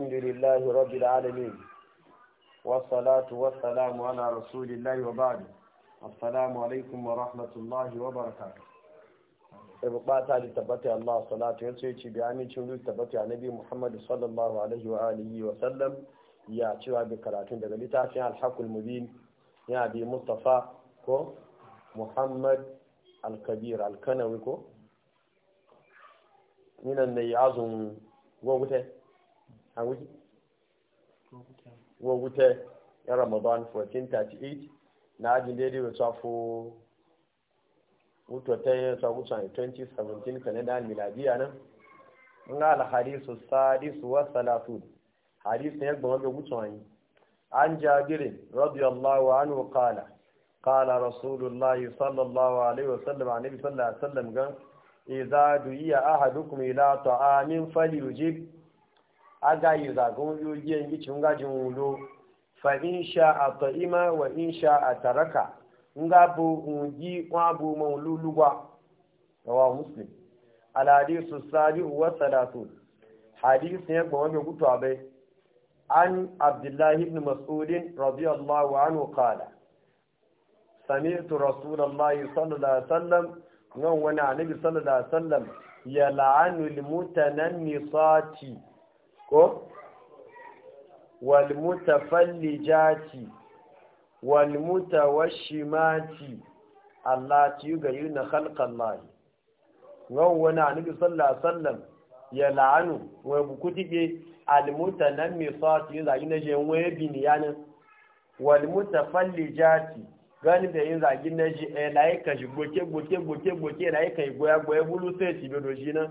الحمد لله رب العالمين والصلاة والسلام على رسول الله وبعد السلام عليكم ورحمة الله وبركاته ibba ta da tabbata Allah salatu ya ce bi amincin ruwa tabbata annabi Muhammad sallallahu alaihi wa alihi wa sallam ya cewa bi karatun daga littafin al-haqul mubin ya bi Mustafa ko Muhammad al-Kabir al-Kanawi ko ninan ne ya azun gwagwutai a wuce wo wuce ya ramadan 1438 na ajin daidai wasu afo wuto ta yi wasu abusa 2017 kalenda miladiya nan nga alhadisu sadisu wa salatun hadis ne yadda wanda wuce wani an jabirin radiyallahu anhu qala qala rasulullahi sallallahu alaihi wasallam annabi sallallahu alaihi wasallam ga idza du'iya ahadukum ila ta'amin falyujib aga yi zagon yi cin gajin wulo fa in sha a ta'ima wa in sha a taraka nga bu ungi kwa bu maululugwa rawa muslim al hadisu sadi wa salatu hadis ne ba wani gutuwa bai an abdullahi ibn mas'ud radiyallahu anhu qala sami'tu rasulullahi sallallahu alaihi wasallam nan wani annabi sallallahu alaihi wasallam ya la'anu lil mutanannisati ko Allah walmutafallijati walmutawashimati allati yughayyirna khalqallahi ngon wani annabi sallallahu alaihi wasallam ya la'anu wa bukutige almutanammisati yin zagi na je waye biniyanin walmutafallijati gani da yin zagi na je eh, laika shi goke goke-goke, goke laika goya goya bulu sai tibe na.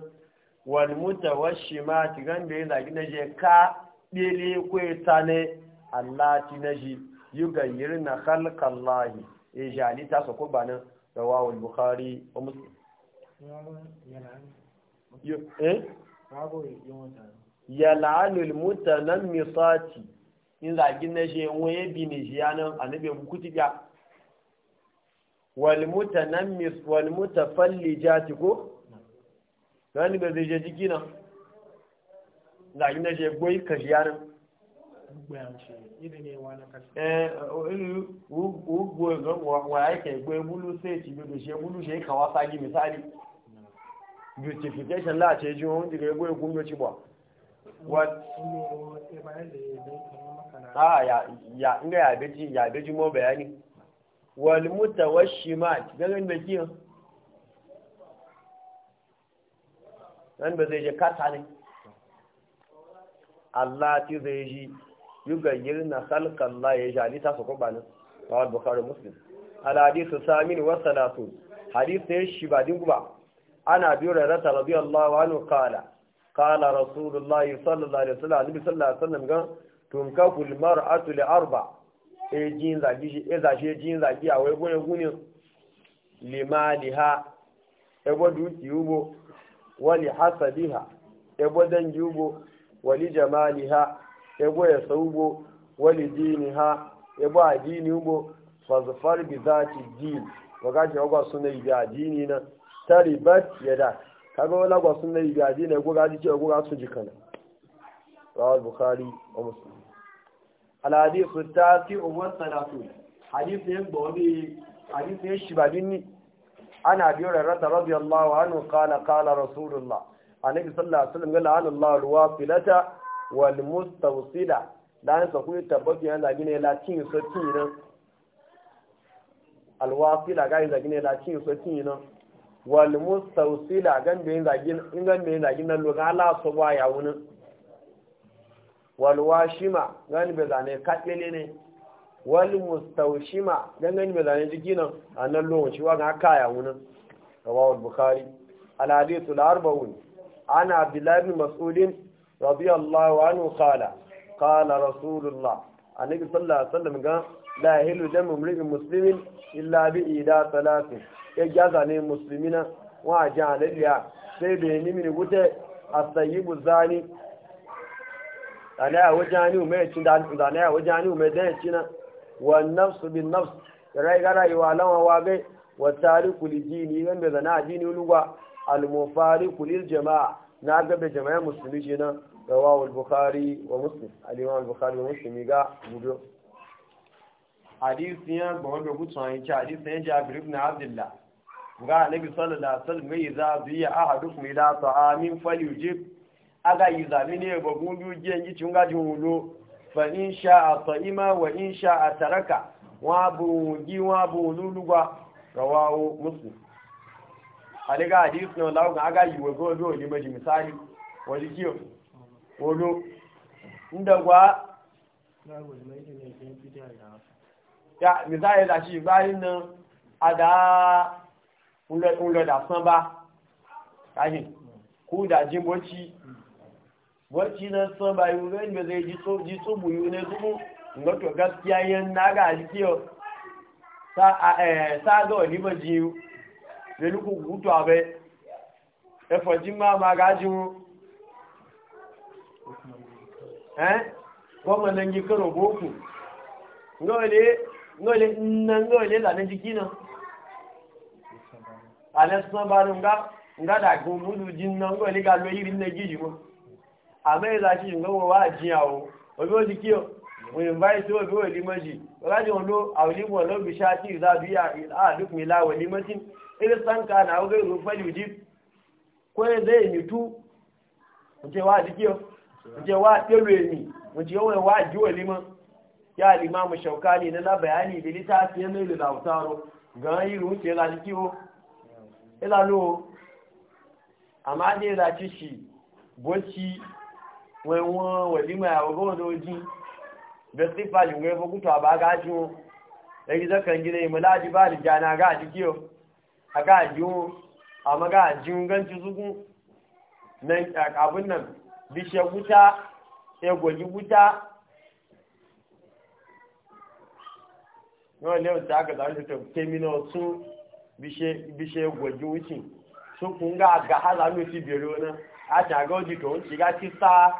wani muta washi ma ti ganda ya zagi na je ka ɗele kwe ta ne Allah ti na ji yi gayyar na halkan lahi ya e, jali ta sa kuba nan da wawon bukari a musulun. Eh? Yala'anul muta nan misati in zagi na je ya bi ne shi yanan annabi kuti ya. Walmuta nan mis, walmuta falli jati ko? gani ba zai je jiki nan da gina je goyi ka shi yanin eh, ugbo wa aika egbe bulu sai ci bi shi bulu shi kawa misali beautification la ce ji wani daga egbe ci ba ya beji ya beji bayani nan ba zai je kasa ne Allah ti zai ji yugayyir na halkan la ya ji ta su kubanin rawar bukari muslim alhadisu samin da su. hadisu ya shi ba dinguba ana biyu Allah wa anhu kala kala rasulullahi sallallahu alaihi wasallam nabi sallallahu alaihi wasallam gan tunkaku almar'atu li arba e jin ji e zashe jin zagi a wai gune gune ha! e gwadu ki ubo wali hasabiha ebo dangi ugo wali jamaliha ebo ya saugo wali diniha ebo adini ugo fazafar bi zati din wagaji ogwa sunna ibi adini na taribat yada kaga wala gwa sunna ibi adini ego gaji ce ego su jikana rawal bukhari wa muslim al hadithu tasi wa salatu hadithu yan shi hadithu yan shibadini ana biyar rata radiyallahu anhu qala qala rasulullah annabi sallallahu alaihi wasallam gala Allah ruwa filata wal Da hannun sa ku tabbaki yana zagi ne lati yi so yi nan al wasila yi zagi ne lati yi so yi nan wal mustawsila gan da zagi zagi nan lo ga Allah so ba ya wunin wal gan be zane ne wal mustawshima dan gani mai zane jiki nan a nan lokaci wa ga kaya wunan rawahu bukhari al hadithu al arbaun ana abdullah bin mas'ud radiyallahu anhu qala qala rasulullah annabi sallallahu alaihi wasallam ga la yahilu damu imri'in muslimin illa bi ida salati ya jaza ne muslimina wa jalaliya sai da ni mini gute a zani ana wajani mai cin da zane a wajani mai dan cin na wa nafsu bin nafs rai ga rayuwa lawan wagai wa tariku li dini nan da zana dini lugwa al mufariqu lil jamaa na ga da jama'a musulmi kenan rawahu al bukhari wa muslim al imam al bukhari wa muslim ga gudu hadisi ya ba wanda gutsun an ci hadisi ya jabir ibn abdullah ga annabi sallallahu alaihi wasallam yi za biya ahadukum ila ta'amin falyujib aga yi zamine ba gungu giyan yi tunga jumulo fa in sha'a ta'ima wa in sha'a taraka wa bu gi wa bu lulugwa rawawo muslim aliga hadith no lawo ga aga yiwo go do ni maji misali wadi kiyo wodo ndagwa ya misali da shi bayin nan ada unle unle da san ba kaji ku da jimboci wacce na son yi gani da zai ji so buyu ne zubu wato gaskiya yin na ga alikiyo eh, sa ga wani ba jiyu da nuku gutu abe efojin ma ma gajin eh goma nan gi karo boku ngole ngole nan ngole da nan jiki nan alesan ba nga nga da gumu jin nan ngole ga lo yirin na giji mu. àmọ́ ìlàjì ìgbọ́wọ́ wá jíyà o òbí ó ti kí o òyìnbá ìtí òbí ò lè mọ́jì ọlájì wọn ló àwòlímọ̀ lọ́bì ṣáàtì ìdábí àdúkùn ilá wọ̀ ní mọ́tí ilé sáǹkà náà ó gẹ́rù fẹ́lú na kó ẹ dé èmi tú ǹjẹ́ wá àdí kí o ǹjẹ́ wá pẹ̀lú èmi ǹjẹ́ wọ́n wai wọn wàlímà àwọn gọ́ọ̀dọ̀ jí vestifal yunwe fokuto a ba wọn ɗari zakan gina yi malaji ba da na a wọn a magaji wọn ganci zuku nan abin nan bishe wuta ya gwaji wuta yawon lewon ta aka zaune gwaji ga a to sa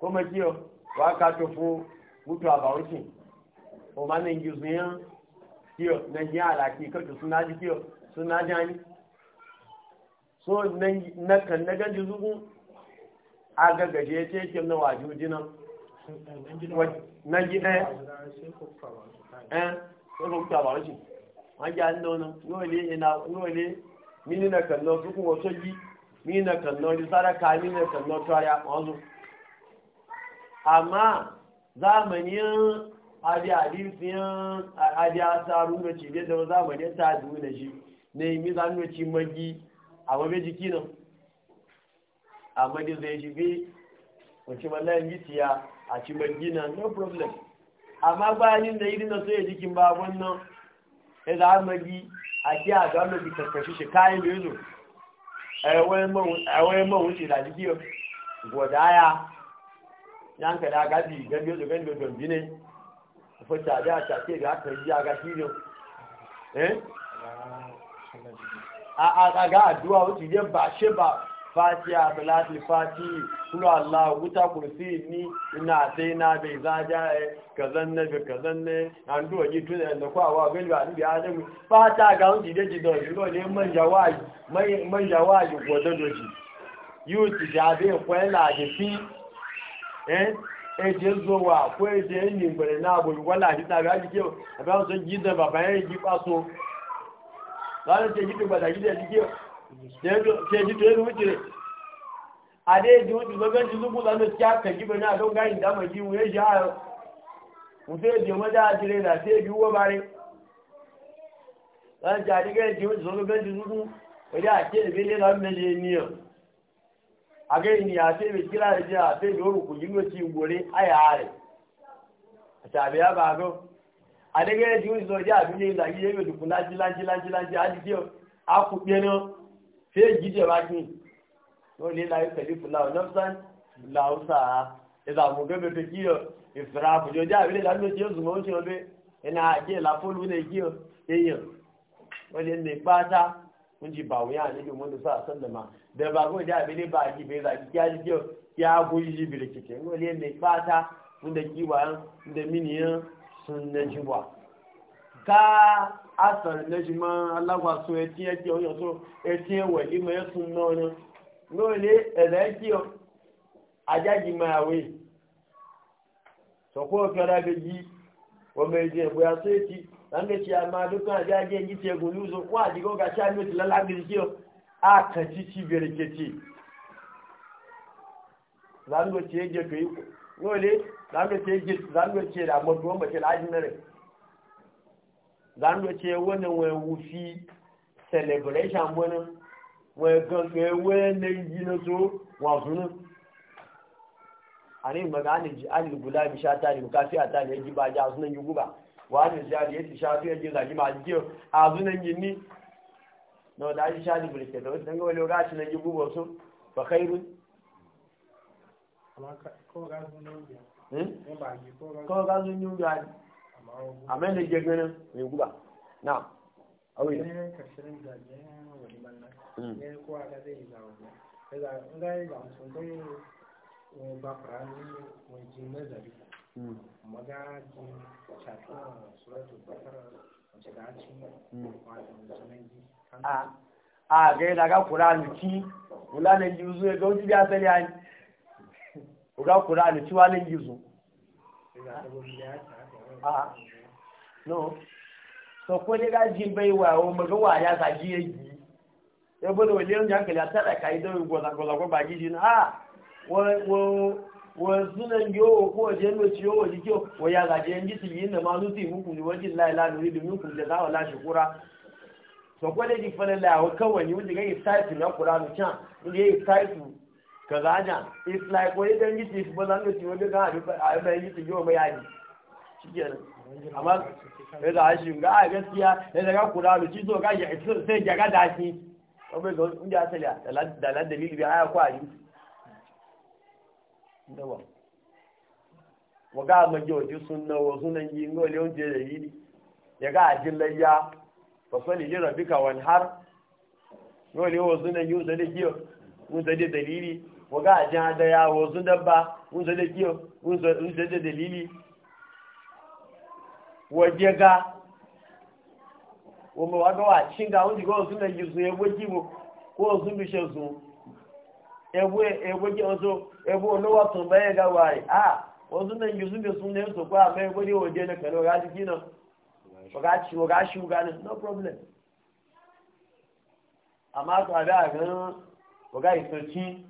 kuma jiyo wa ka tofo mutu a bauchi o ma nan gizu yan jiyo nan jiya alaki kato suna ji jiyo suna jani so na kan na ganji zugun a gaggaje ya ce kim na waju jinan na ji ɗaya eh sai ba bauchi an ji an nono nole ina nole mini na kan no sukun wasu ji mini na kan no ji saraka mini na kan no tuwaya wanzu amma zamanin adi hadisiyan adi asaru da ci da zamanin ta duna shi ne mi zanu ci magi a mabe jiki nan amma da zai shige wace wallahi gitiya a ci magi nan no problem amma bayanin da irin da so ya jikin ba wannan ya za magi a ki a gano bi karkashi shi kayan da yazo a yawon mawuce da jiki gwadaya yanka da aga bi gambe da gambe don bine fa ta da ta ce ga ka yi ga shi eh a a ga addu'a wuce je ba she ba fatiha salatul fati kullu allah wuta kursi ni ina sai na bai zaja eh kazan ne bi kazan ne an duwa ji tun da kwa wa gani ba ni bi adam fata ga wuce je ji do ji ne man jawaji man jawaji godo Yi wuce yuti jabe kwela ji fi ẹjẹ́ zọwà kó ẹjẹ́ ẹni ìgbẹ̀rẹ̀ náà bò wọ́n láti tàbí ajíkẹ́ ẹ̀bá ọ̀sán jíjẹ bàbá yẹn jí pásọ láti ṣe jíjẹ gbàdà jíjẹ jíjẹ ṣe jíjẹ ẹni adé ti lánà tí a kẹ̀ jíbẹ̀ náà lọ́gá ìdámọ̀ jí wọ́n ẹjẹ́ àárọ̀ wọ́n fẹ́ ẹjẹ́ wọ́n bá rí láti ṣe a ga ni ya ce mai kira da jiya sai mai wuri kujin wace gore a ya hare a tabi ya ba ga a daga ya jiwon zuwa jiya abin yin zagi yau da kuna jilan jilan jilan jiya a ku ɓena sai gije ba ki yau ne layu kalifu lawa nafsan lawusa ya zamu gabe ta kiyo ìfìrà àpòjọ jẹ́ àrílẹ̀ lábẹ́ tí ó zùmọ́ oúnjẹ ọdún ẹ̀nà àjẹ́ ìlàfóòlù ní ìgbìyàn èèyàn wọ́n lè ní pátá mun ji ba wuya ne bi mun sa san da ma da ba da bele ba a be za ki ya ji ya ji bi da kike ngo ne fata mun da ki wa da miniya sun na ji wa ka asar na ji ma Allah so e ti e ki so e ti e we li sun na no ki o ajaji ma we so ko kara be ji wa me je ya so e ti wanda ci amma dukkan jajen yi tegun yuzo wa jigon ga sha mil tilala birkiyo a kaci ci birkici zango ce yake kai nole zango ce yake zango ce da amma tuwon bakin rai zango ce wani wani wufi celebration wani wani ganke wani yi na so wasu nan a ne magana ji alil gula bishata ne kafi a ta ne ya ji ba ja sunan yi guba wani jari ya ci shafi ya ji zagi ma jiyo a zunan gini na wadda ake shafi bulke da wasu dangane wani rashi na gibu ba su ba kai run kawai gazun yi ga a mai da gegana mai guba na awai da ya Mm. maga ji shafi suratul bakara wace da mm. ci a ah, ah, a ga yana ga ci wulanin ji ga wuce biya sani ani ga kuranu ci walanin ji a no so ko ga jin bai ya sa ji yi a ka ba na ha wọ̀nsúnan yóò kó ọjẹ́ lóti yóò wọ̀dí kí o yà gàjẹ́ ń jísì yìí nàmá ló ti ìmúkùn ní wọ́n domin kùn lẹ́sà wọn láti kúra sọ̀kọ́ lè di fẹ́lẹ́ lẹ́ àwọn kẹwọ̀n ni wọ́n ti gẹ́gẹ́ táìtù náà kúra nù chán ló yẹ táìtù kàgájà ìfìlà a a gaskiya ga nawa waga magi waje sun nawa sunan yi ngo le yi ya ga ajin layya fa har ngo le wo dalili waga ajin da ya wo sun mun da mun da dalili waje ga wo mo wa chinga go sun ebu ebu ji olowa to baye ga a ozo nan yuzu be sun ne to kwa baye gode waje na kano ga jiki na ga ci ga shi ne no problem amma to ada ga ko ga isoci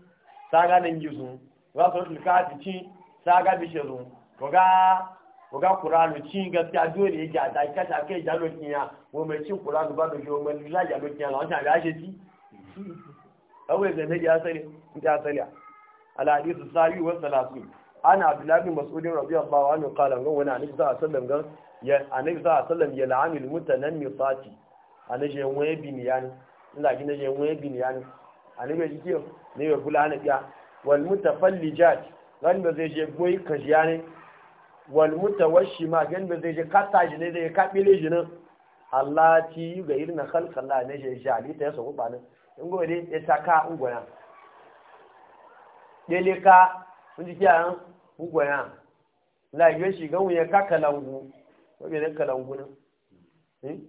saga nan yuzu ga so tilka ci saga bi shiru ko ga ko ga ci gaskiya dole yake a da kata kai jalo ya, wo mai cin qur'anu ba da jo mai la jalo kinya lawan ta ga shi kawai da nake asali asali al hadithu sabi wa salatu ana abdullahi bin mas'ud radiyallahu anhu qala ga wani annabi sallallahu alaihi wasallam ga ya annabi sallallahu alaihi wasallam ya la'amil mutanammisati anaje wani bin yani ina gina je wani bin yani annabi ji ne ya kula na biya wal mutafallijat ran da zai je boy kajiyane wal mutawashima gan da zai je kata ne zai kabile ji Allah ti ga irin khalqan Allah ne je jali ta yasa ku ngole etaka ngwaya deleka ndikiya ngwaya la yo shi ga wuya kakalangu wabe ne kalangu na hmm?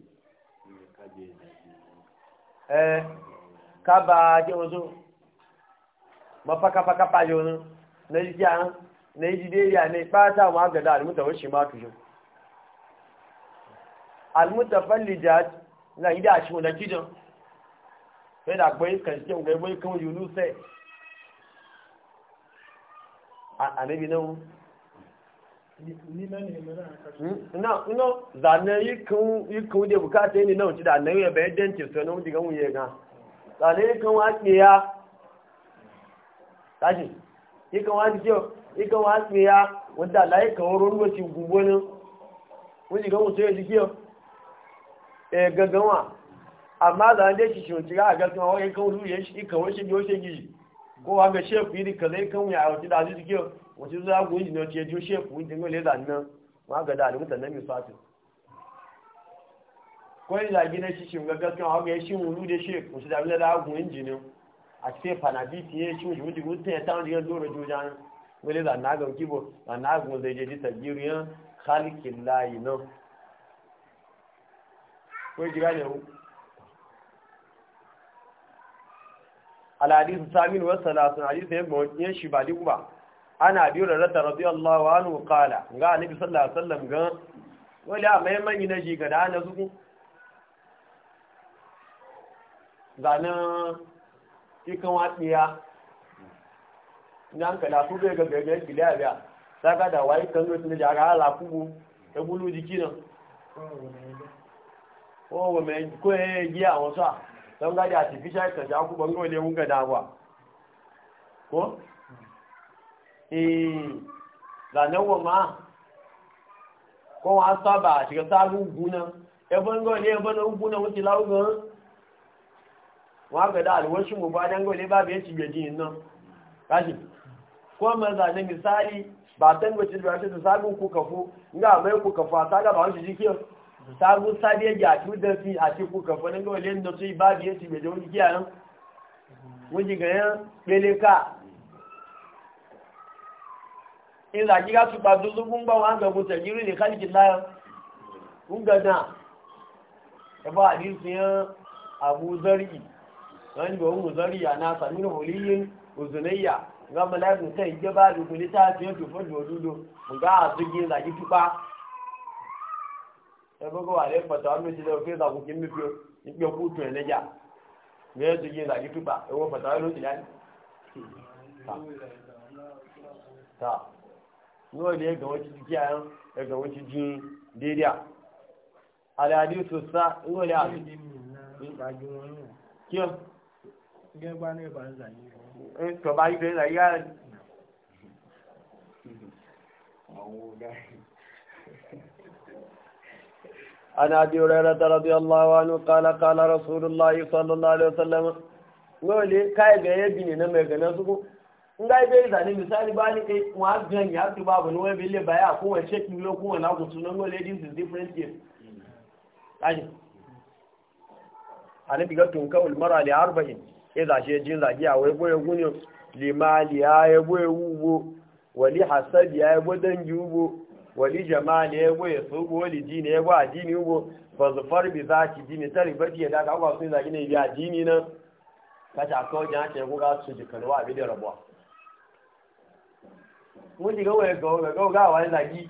eh kaba je ozo mapaka paka pa yo na na dikiya na jide ya ne pata wa ga da mutawashi ma tujo almutafallijat na ida shi da kidan sai da akwai karshe ga wai kan yunusai anabi nan hmm? na ina zane yi kan da bukata yi nan ci da annabi ya bayar dance su nan diga wuye ga zane yi kan wace ya tashi yi kan wace ya yi kan wace ya wadda layi kan wuri ruwa ci gugu wani wani diga wuce ya jikiyar eh, gaggawa amma da an dace shi wanci a gaskiya wani kan wuri ya shi kan ne gizi ko wa ga shefu yi ka zai kan wuya a wata da su suke wata za a ne wata ya ji shefu yi dingo leza nan ma ga da alimutan na mai fatin ko yi zagi na shi ga wa ga shi wuru da shefu shi da wani da agun injinin a cikin fanabiti ya shi wuce wuce wuce ya tawon jiran dora da na da na zai je halikin layi nan Al'adisu samin wasu salasun hadisu ya mawakin shi ba duk ba ana biyu da rata rabi Allah wa hannu kala ga annabi sallallahu sallar wasallam gan wani a mayan manyi na shi gada na zuku zanen cikin watsiya ina an kada su bai gaga gaga gida biya ga da wayi kan zo tun da aka hala kubu ta bulu jiki nan ko wa mai ko ya giya wasa don gadi a tafi shayar ka shaku bango ne mun gada ba ko? ee eh, zanen wama Ko kowa an saba a shiga sabon gunan ne ya ebon guna wuce laugun wa gada alwashin mu ba dan ne ba bai ci gaji nan kashi ko ma zanen misali ba tan gwaci da shi da sabon kuka kafu ga mai kuka kafu a saga ba wani shi jikin sáàgùn a ẹ̀jẹ̀ àti ó da fi àṣepò kẹfọ́ nígbà olè ń lọ sí ìbáàbí èsì ìgbèjọ́ oúnjẹ kíá náà wọ́n ti gẹ̀yẹ́ pélé ká ilẹ̀ àjíká tó gbàdó lógún gbà wọn àgbẹ̀kùn tẹ̀jírì lè káàkiri láyọ̀ ń gẹ̀dà ẹ̀fọ́ àdísìyàn àbúzọ́rì wọ́n ń bọ̀ ohun zọ́rì àná sàmínú òlíyé òzùnẹ́yà gbàmọ́lá ẹ̀kùn tẹ̀ ìjọba ta lítà tí ó tó fọ́jú òdúdó ǹgbà àtúgbé ìlàjí túpá ẹgbẹ́gbẹ́ wà lẹ́yìn pọ̀tọ́ àmì ìṣẹ̀lẹ̀ òfin ìdàkùn kí mímú ìpín ọkú tún ẹlẹ́jà mẹ́rin tó yé ìdàkí túbà ẹwọ́ pọ̀tọ́ àmì lóṣù yá ní. ta ní wọ́n lé ẹgbẹ̀wọ́n ti di kí a ẹgbẹ̀wọ́n ti di déédéé à. àlẹ́ àdé oṣù sá ń wọlé àbí. kí ọ. عن أبي هريرة رضي الله عنه قال قال رسول الله صلى الله عليه وسلم ngole كاي ga yabi ne na mai gana su in ga bai zane misali ba ni kai kuma gan ya tu babu ne wai bille baya ko wai check ni lo ko na ku sunan ngole din is different game ani ani biga tun ka ul mara li 40 idza she jin zagi a wai boye gunyo mali ya ya boye ubo wali hasabi ya boye dan ubo wali jama'a ne ya ya sogo wali ji ne yago a jini ugo ba su farbi za ki jini ta riba ya daga agwa sun zagi ne biya jini nan ka ta kawo jan ce ko ga su ji kanuwa a bidiyar rabuwa mun ji ga waya ga ga ga wani zagi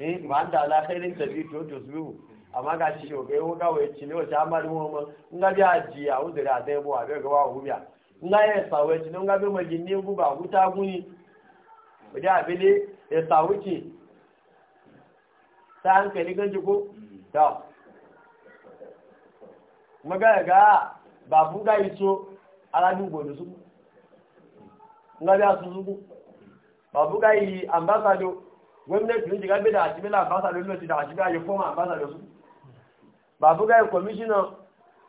eh da ala khairin tabi to to su amma ga shi shoge wo ga wai ci ne wa jamar ma nga bi aji a udira da dai bo a ga wa biya nga ya sa wai ci nga bi ma jinne gu ba hu ta guni wadi abele ya sa wuce ta hankali ganji ko ta magana ga babu ga iso aládùúgbò ló súnkú nga bi a su súnkú babu ga yi ambassador gwamnati ne jiga bai da hajjibi la ambasado lokaci da hajjibi a yi foma ambasado su babu ga yi kwamishina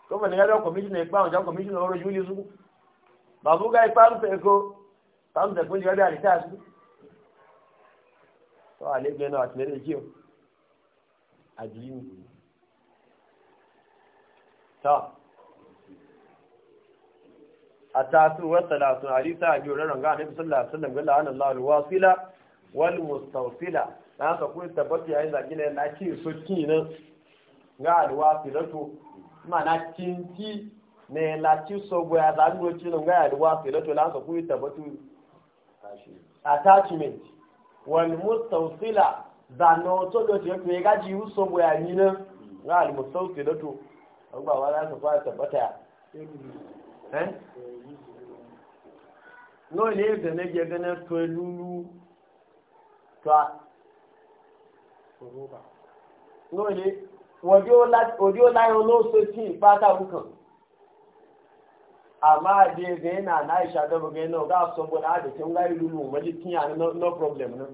kuma ne gaba kwamishina ya kpawo jan kwamishina wani juli su babu ga yi kpawo ta eko ta mu da su na da a ta a a a ranar sila wal mustawsila na ka kun tabbata yayin da gina na ki so ki nan ga alwa filato ma na kinki ne la ci so go ya da ngo ci nan ga aluwa filato na ka kun tabbata attachment wal mustawsila da no to do je pe ga ji so go ya ni nan ga al mustawsila to an ba wa na ka fara tabbata eh no ne da ne ga ganin to twa lóòlé òdí ó láyé olóòsó tí ìpátá òkàn àmá àdé ẹgbẹ̀ẹ́ náà náà ìṣàdọ́gbẹ̀ẹ́ náà a sọ́gbọ́n náà àdé tí ó ń láyé lúlù mọ́lé tí à ní no problem náà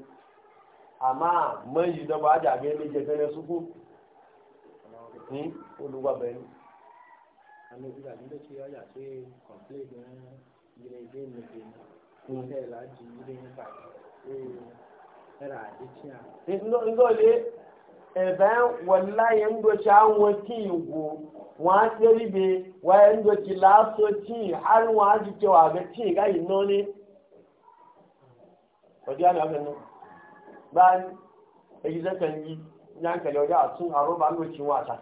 àmá mọ́yì dọ́gba àjàgbé ní jẹgẹrẹ ní olùgbàbẹ̀rẹ̀ ngole ebe wallahi ndoci an wati igbo wa tsiri be wa ndoci laso ci har wa ji cewa ga ci ga ne yi a sun haro ba ndoci wa ta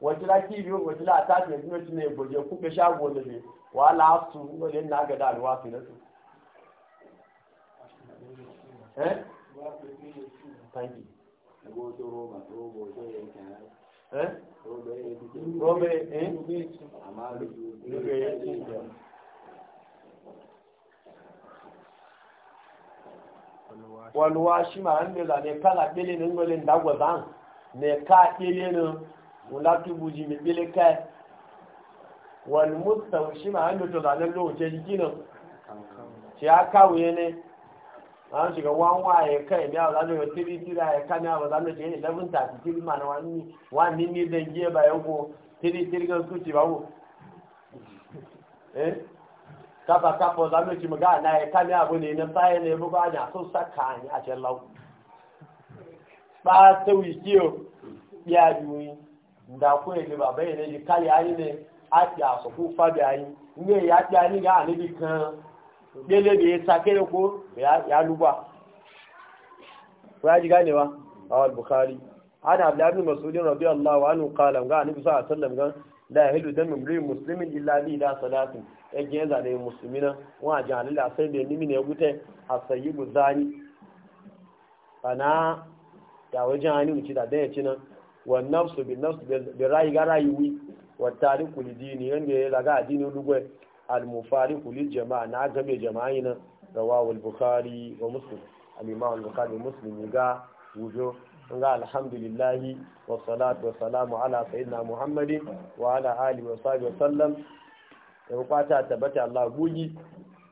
wajira kibi wajira ta ce ne ne kuka shago da ne wala su wale na ga da alwa su da Wani eh ne shi da ne kala bele ne dagwazan ne ka bele ne wula tubu ji mai bile kai wani musta shi ma hannu to zanen lokaci jiki nan shi ya kawo ne an shiga wanwa ya kai miya ba zanen tiri tiri ya kai miya ba zanen shi ne labin tafi tiri ma na wani wani ni da giye ba yanko tiri tiri gan suci ba ko eh kafa kafa zanen shi maga na ya kai miya abu ne na tsaye ne bugu ana so saka ni a can lau ba ta wiki yau ya juyi da ko ne ba bai ne ji ayi ni a ti aso ku fa ayi ne ya ti ani ga ni bi kan dele bi sa kere ko ya ya lugba ko ya ji wa? awal bukhari ana abdullah bin mas'ud radiyallahu anhu qala ga ni bi sa sallam ga la hilu damu mri muslimin illa bi da salatin e gen za ne muslimina wa jalila sai da nimi ne gute asayibu zani bana ya wajen ani uci da dan ya ci nan wannan su bin nafsu da rayu ga rayuwi wa tariku li dini yanda ya laga addinin lugwai al-mufariqu lil jama'a na game jama'i na rawahu al-bukhari wa muslim al-imam al-bukhari muslim ga wujo ga alhamdulillah wa salatu wa salamu ala sayyidina muhammadin wa ala alihi wa sahbihi sallam ya kwata tabbata Allah guji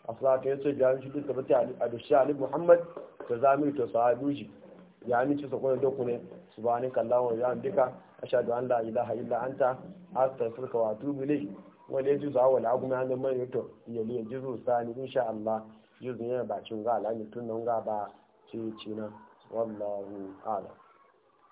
asalatu yace jami'i tabbata a dusha ali muhammad ta zami to sahabuji ya aminci su kwanan doku ne su ba ni kallon ya amdika a sha da an la ilaha illa an ta hasta sulka wa tubule wanda ya juzo awal mai hannun man yato ya liya juzo sani insha Allah juzo yana bacin ga alamitun nan ga ba ce cina wallahu alam